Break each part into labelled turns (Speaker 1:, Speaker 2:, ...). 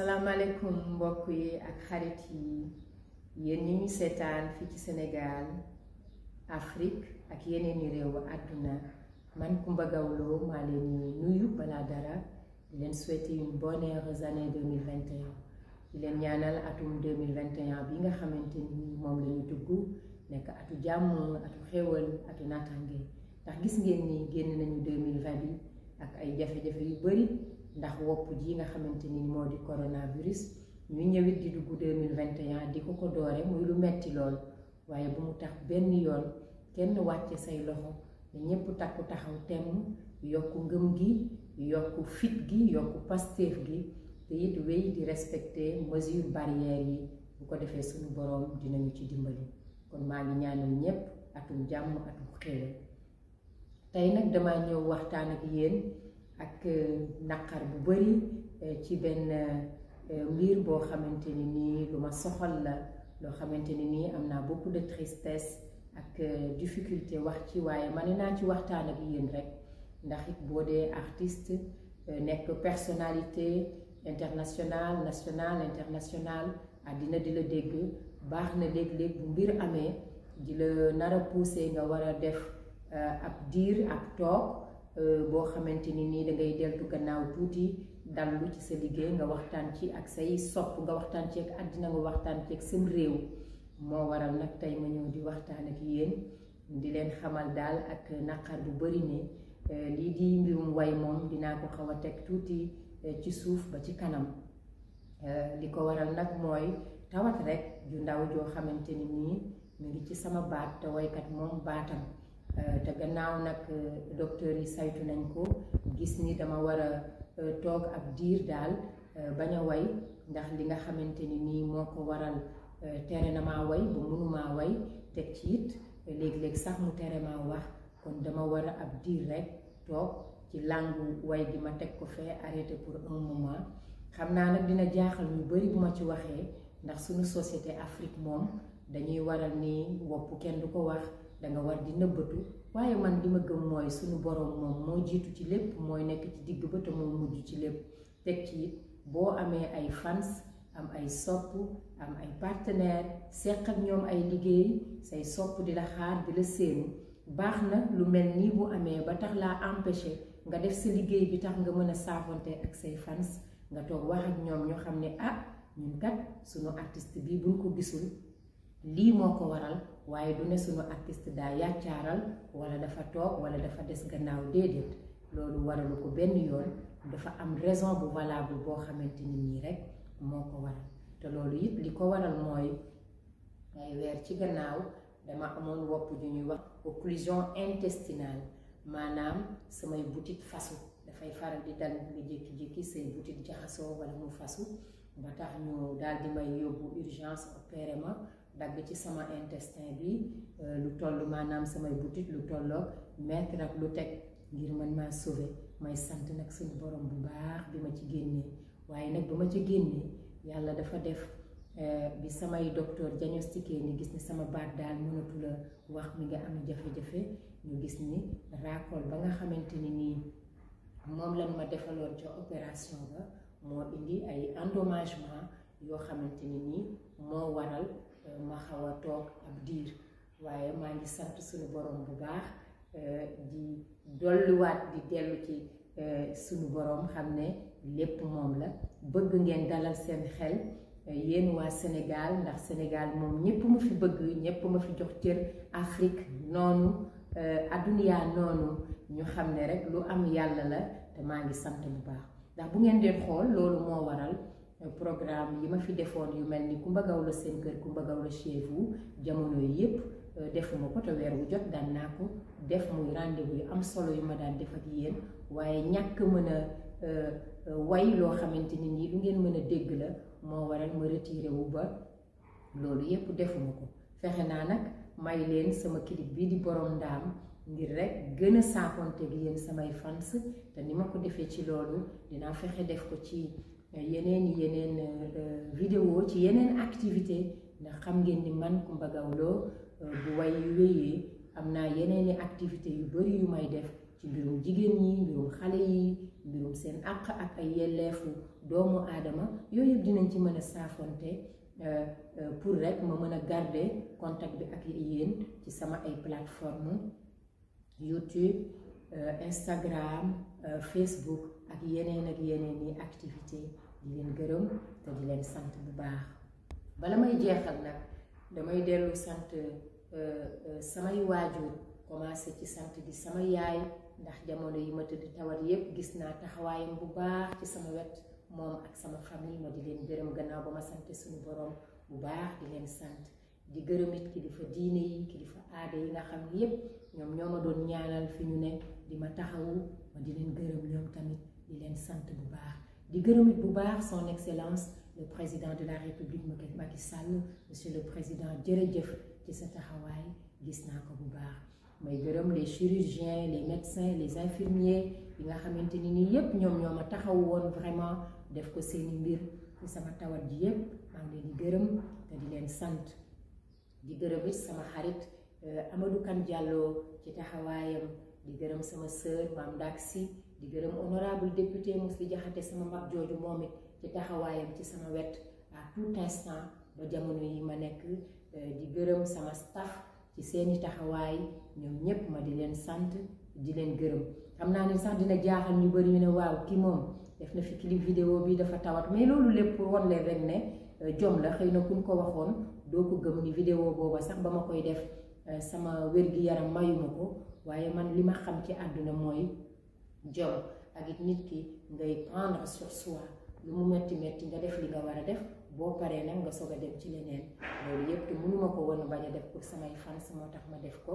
Speaker 1: salaamaaleykum mbokk yi ak xarit yi yéen ñi ñu seetaan fii ci Sénégal Afrique ak yeneen i réew àdduna man Coumba Gawlo maa leen nuyu balaa dara di leen souhaiter une bonne heureuse leen ñaanal atum 2021 bi nga xamante ni moom la ñu dugg nekk atu jàmmoo atu xéwal atu naataange ndax gis ngeen ni génn nañu 2020 yi ak ay jafe-jafe yu bari ndax woppu ji nga xamante ni moo di coronavirus ñu ñëwit di dugg 2021 di ko ko doore muy lu metti lool waaye bu mu tax benn yoon kenn wàcce say loxo ne ñépp takku taxaw temm yokk ngëm gi yokk fit gi yokk pasteef gi te it wéy di respecter mesure barrière yi bu ko defee suñu boroom dinañu ci dimbali kon maa ngi ñaanal ñépp atum jàmm atum xéewal tey nag dama ñëw waxtaan ak yéen ak euh, naqar bu bëri euh, ci benn euh, mbir boo xamante ni nii lu ma soxal la loo xamante ni nii am naa beaucoup de tristesse ak difficulté wax ci waaye ma ne naa ci waxtaan ak yéen rek ndax boo dee artist nekk personnalité internationale nationale internationale àddina di la dégg baax na léeg-léeg bu mbir amee di la nar poussé nga war a def ab diir ab toog Euh, boo xamante ni nii da ngay deltu gannaaw tuuti dallu ci sa liggéey nga waxtaan ci ak say sopp nga waxtaan ci ak àddina nga waxtaan ci ak seen réew moo waral nag tey ma ñëw di waxtaan ak yéen di leen xamal daal ak naqar bu bari nii euh, lii di mbirum way moom dinaa ko xaw a teg tuuti euh, ci suuf ba ci kanam li ko waral nag mooy tawat rek ju ndaw joo xamante ni nii mu ngi ci sama baat te woykat moom baatam Euh, te gannaaw nag euh, docteur yi saytu nañ ko gis ni dama war a euh, toog ab diir daal bañ a way ndax li nga xamante ni nii moo ko waral tere na maa way ba mënumaa way teg ci it léeg-léeg sax mu tere maa wax kon dama war a ab diir rek toog ci langue way gi ma teg ko fee arrêté pour un moment xam naa nag dina jaaxal ñu bari bu ma ci waxee ndax suñu société Afrique moom dañuy waral ni wopp kenn du ko wax danga war di nëbbatu waaye man li ma gëm mooy suñu boroom moom moo jiitu ci lépp mooy nekk ci digg ba te moo mujj ci lépp teg ci boo amee ay fans am ay sopp am ay partenaire seq ak ñoom ay liggéey say sopp di la xaar di la séenu baax na lu mel nii bu amee ba tax laa empêché nga def sa liggéey bi tax nga mën a saafonte ak say fans nga toog wax ak ñoom ñoo xam ne ah ñun kat suñu artiste bi buñ ko gisul lii moo ko waral waaye du ne suñu artiste daa yàccaaral wala dafa toog wala dafa des gannaaw déedéet loolu waralu ko benn yoon dafa am raison bu valable boo xamante nit ñi rek moo ko waral te loolu it li ko waral mooy ay weer ci gannaaw dama amoon wopp ju ñuy wax occlusion intestinale maanaam samay butit fasu dafay faral di dal nga jékki-jékki say butit jaxasoo wala mu fasu ba tax ñu daal di may yóbbu urgence opéré ma dagg ci sama intestin bi euh, lu toll maanaam samay butit lu tolloog mètre ak lu teg ngir man maa sauver may sant nag suñu borom bu baax bi ma ci génnee waaye nag ba ma ci génnee yàlla dafa def euh, bi samay docteur diagnostiqué ni gis ni sama baat daal mënatu wax mi nga am jafe-jafe ñu gis ni raakool ba nga xamante ni nii moom lañ ma defaloon ca opération ba moo indi ay endommagement yoo xamante ni nii xaw a toog ab diir waaye maa ngi sant suñu borom bu baax euh, di dolliwaat di dellu ci euh, suñu borom xam ne lépp moom la bëgg ngeen dalal seen xel euh, yéen waa Sénégal ndax Sénégal moom ñépp ma fi bëgg ñépp ma fi jox cër Afrique noonu adduniyaa noonu ñu xam ne rek lu am yàlla la te maa ngi sant bu baax ndax bu ngeen dee xool loolu moo waral programme yi ma fi defoon yu mel ni Coumba Gawlo seen kër Coumba Gawlo chez vous jamono yépp euh, defuma ko te weer wu jot daan naa ko def muy rendez-vous yu am solo yu ma daan def ak yéen waaye ñàkk mën a euh, euh, way loo xamante ni nii lu ngeen mën a dégg la moo waral ma retiré wu ba loolu yépp defuma ko fexe naa nag may leen sama clip bi di borom ndaam ngir rek gën a saafonte gi yéen samay fans te ni ma ko defee ci loolu dinaa fexe def ko ci yeneen yeneen euh, vidéo ci yeneen activité ndax xam ngeen ni man Coumba Gawlo euh, bu way wéyee am naa yeneen activité yu bari yu may def ci mbirum jigéen ñi mbirum xale yi mbirum seen àq ak ay yelleefu doomu aadama yooyu yëpp dinañ ci mën a saafonte euh, pour rek ma mën a garder contact bi ak yéen ci sama ay plateforme YouTube Instagram Facebook ak yeneen ak yeneen yi activité di leen gërëm te di leen sant bu baax bala may jeexal nag damay dellu sant euh, euh, samay waajur commencé ci sant di sama yaay ndax jamono yi ma tëdd tawat yépp gis naa taxawaayam bu baax ci sama wet moom ak sama famille ma di leen gërëm gannaaw ba ma sant suñu borom bu baax di leen sant di gërëm it kilifa diine yi kilifa aada yi nga xam ne yépp ñoom ñoo ma doon ñaanal fi ñu ne di ma taxawu ma di leen gërëm ñoom tamit di leen sant bu baax di gërëm bu baax son excellence le président de la république Macky Sall monsieur le président jërëjëf ci sa taxawaay gis naa ko bu baax may gërëm les chirurgiens les médecins les infirmiers yi nga xamante ni nii yépp ñoom ñoo ma taxaw woon vraiment def ko seeni mbir sama tawat ji yépp maa ngi di gërëm te di leen sant di gërëmit sama xarit euh, Amadou jàlloo ci taxawaayam di gërëm sama sœur Mame Ndack Sy di gërëm honorable député Mously Diakhaté sama mag jooju moom it ci taxawaayam ci sama wet à tout instant ba jamono yi ma nekk euh, di gërëm sama staff ci seeni taxawaay ñoom ñépp ma di leen sant di leen gërëm xam naa ne sax dina jaaxal ñu bari ne waaw kii moom def na fi kilif vidéo bi dafa tawat mais loolu lépp pour won leen rek ne euh, jom la xëy na kuñ ko waxoon doo ko gëm ni vidéo booba sax ba ma koy def euh, sama wér-gi-yaram mayu ko waaye man li ma xam ci àdduna mooy jom ak it nit ki ngay prendre sur soi lu mu metti metti nga def li nga war a def boo paree nag nga soog a dem ci leneen loolu yëpp te ko woon bañ a def pour samay fans moo tax ma def ko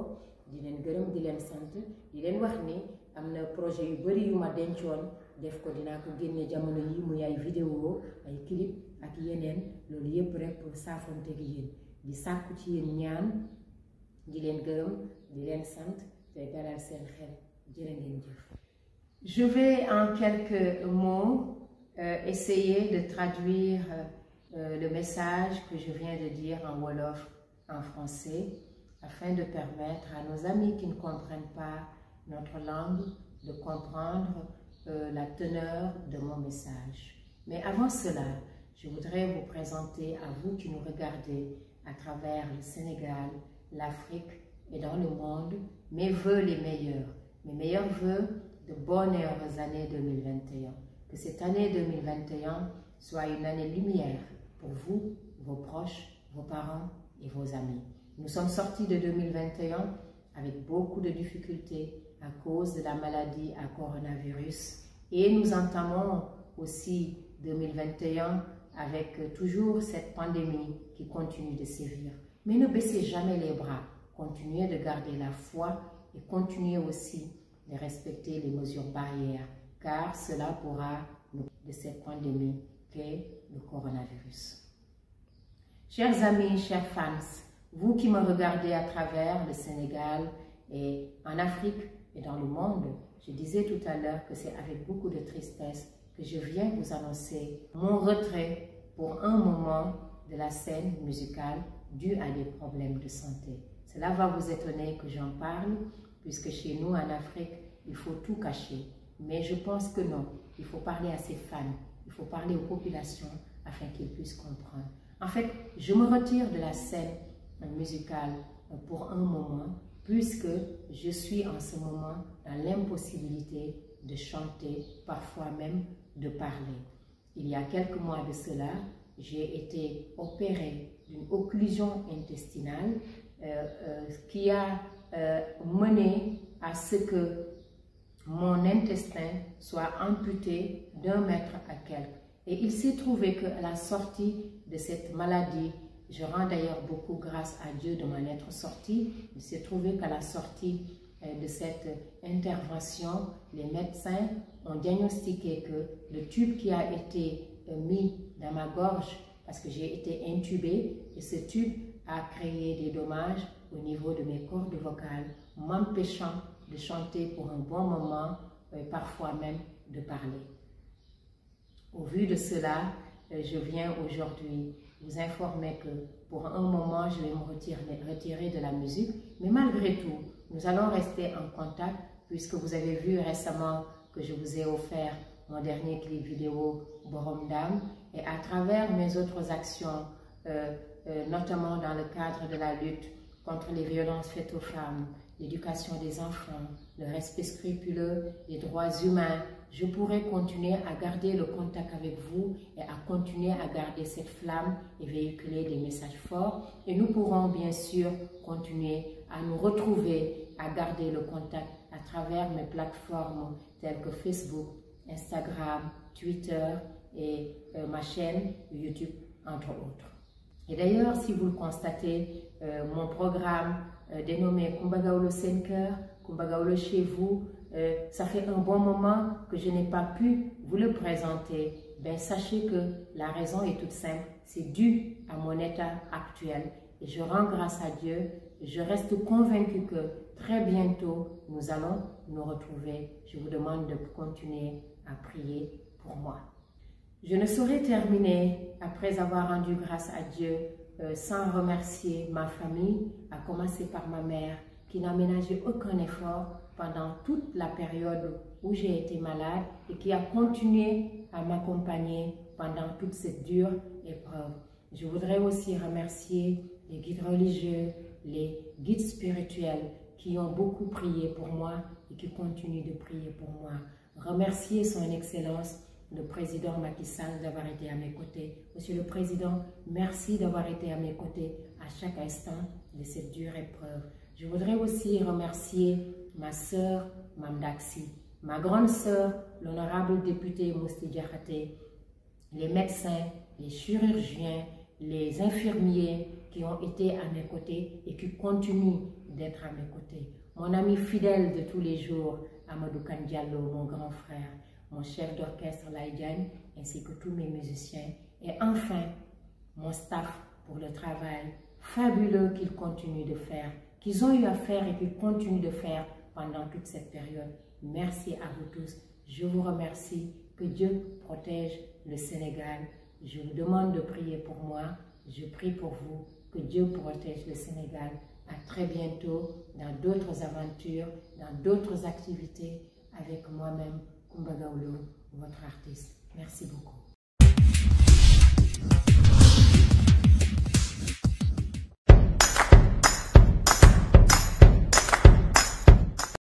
Speaker 1: di leen gërëm di leen sant di leen wax ni am na projet yu bari yu ma dencoon def ko dinaa ko génne jamono yi mu ay vidéo ay clip ak yeneen loolu yëpp rek pour saafonte gi yéen di sàkku ci yéen ñaan di leen gërëm di leen sant te dalal seen xel jërë ngeen jëf Je vais en quelques mots euh, essayer de traduire euh, euh, le message que je viens de dire en Wolof en français afin de permettre à nos amis qui ne comprennent pas notre langue de comprendre euh, la teneur de mon message. Mais avant cela, je voudrais vous présenter à vous qui nous regardez à travers le Sénégal, l'Afrique et dans le monde mes voeux les meilleurs. Mes meilleurs voeux de bonnes années 2021. Que cette année 2021 soit une année lumière pour vous, vos proches, vos parents et vos amis. Nous sommes sortis de avec beaucoup de difficultés à cause de la maladie à coronavirus et nous entamons aussi avec toujours cette pandémie qui continue de sévir. Mais ne baissez jamais les bras, continuez de garder la foi et continuez aussi de respecter les mesures barrières, car cela pourra nous de cette pandémie qu'est le coronavirus. Chers amis, chers fans, vous qui me regardez à travers le Sénégal et en Afrique et dans le monde, je disais tout à l'heure que c'est avec beaucoup de tristesse que je viens vous annoncer mon retrait pour un moment de la scène musicale dû à des problèmes de santé. Cela va vous étonner que j'en parle, puisque chez nous, en Afrique, il faut tout cacher. Mais je pense que non, il faut parler à ses fans, il faut parler aux populations afin qu'ils puissent comprendre. En fait, je me retire de la scène musicale pour un moment, puisque je suis en ce moment dans l'impossibilité de chanter, parfois même de parler. Il y a quelques mois de cela, j'ai été opérée d'une occlusion intestinale euh, euh, qui a euh, mener à ce que mon intestin soit amputé d'un mètre à quelques. Et il s'est trouvé que la sortie de cette maladie, je rends d'ailleurs beaucoup grâce à Dieu de m'en être sortie, il s'est trouvé qu'à la sortie euh, de cette intervention, les médecins ont diagnostiqué que le tube qui a été euh, mis dans ma gorge, parce que j'ai été intubée, et ce tube a créé des dommages au niveau de mes cordes vocales, m'empêchant de chanter pour un bon moment, euh, parfois même de parler. Au vu de cela, euh, je viens aujourd'hui vous informer que pour un moment, je vais me retirer, retirer de la musique, mais malgré tout, nous allons rester en contact puisque vous avez vu récemment que je vous ai offert mon dernier clip vidéo Boromdam et à travers mes autres actions, euh, euh, notamment dans le cadre de la lutte contre les violences faites aux femmes, l'éducation des enfants, le respect scrupuleux des droits humains, je pourrai continuer à garder le contact avec vous et à continuer à garder cette flamme et véhiculer des messages forts. Et nous pourrons bien sûr continuer à nous retrouver, à garder le contact à travers mes plateformes telles que Facebook, Instagram, Twitter et euh, ma chaîne YouTube, entre autres. Et d'ailleurs, si vous le constatez, euh, mon programme euh, dénommé Kumbagaolo Senker, Kumbagaolo chez vous, euh, ça fait un bon moment que je n'ai pas pu vous le présenter. sachez que la raison est toute simple, c'est dû à mon état actuel. Et je rends grâce à Dieu, je reste convaincu que très bientôt, nous allons nous retrouver. Je vous demande de continuer à prier pour moi. Je ne saurais terminer après avoir rendu grâce à Dieu euh, sans remercier ma famille, à commencer par ma mère qui n'a ménagé aucun effort pendant toute la période où j'ai été malade et qui a continué à m'accompagner pendant toute cette dure épreuve. Je voudrais aussi remercier les guides religieux, les guides spirituels qui ont beaucoup prié pour moi et qui continuent de prier pour moi. Remercier son Excellence le président Macky d'avoir été à mes côtés. Monsieur le Président, merci d'avoir été à mes côtés à chaque instant de cette dure épreuve. Je voudrais aussi remercier ma sœur Mamdaxi, ma grande sœur, l'honorable député Mousti les médecins, les chirurgiens, les infirmiers qui ont été à mes côtés et qui continuent d'être à mes côtés. Mon ami fidèle de tous les jours, Amadou Kandiallo, mon grand frère, mon chef d'orchestre Laïdiane, ainsi que tous mes musiciens. Et enfin, mon staff pour le travail fabuleux qu'ils continuent de faire, qu'ils ont eu à faire et qu'ils continuent de faire pendant toute cette période. Merci à vous tous. Je vous remercie. Que Dieu protège le Sénégal. Je vous demande de prier pour moi. Je prie pour vous. Que Dieu protège le Sénégal. À très bientôt dans d'autres aventures, dans d'autres activités avec moi-même Mbadawlo, votre artiste. Merci beaucoup.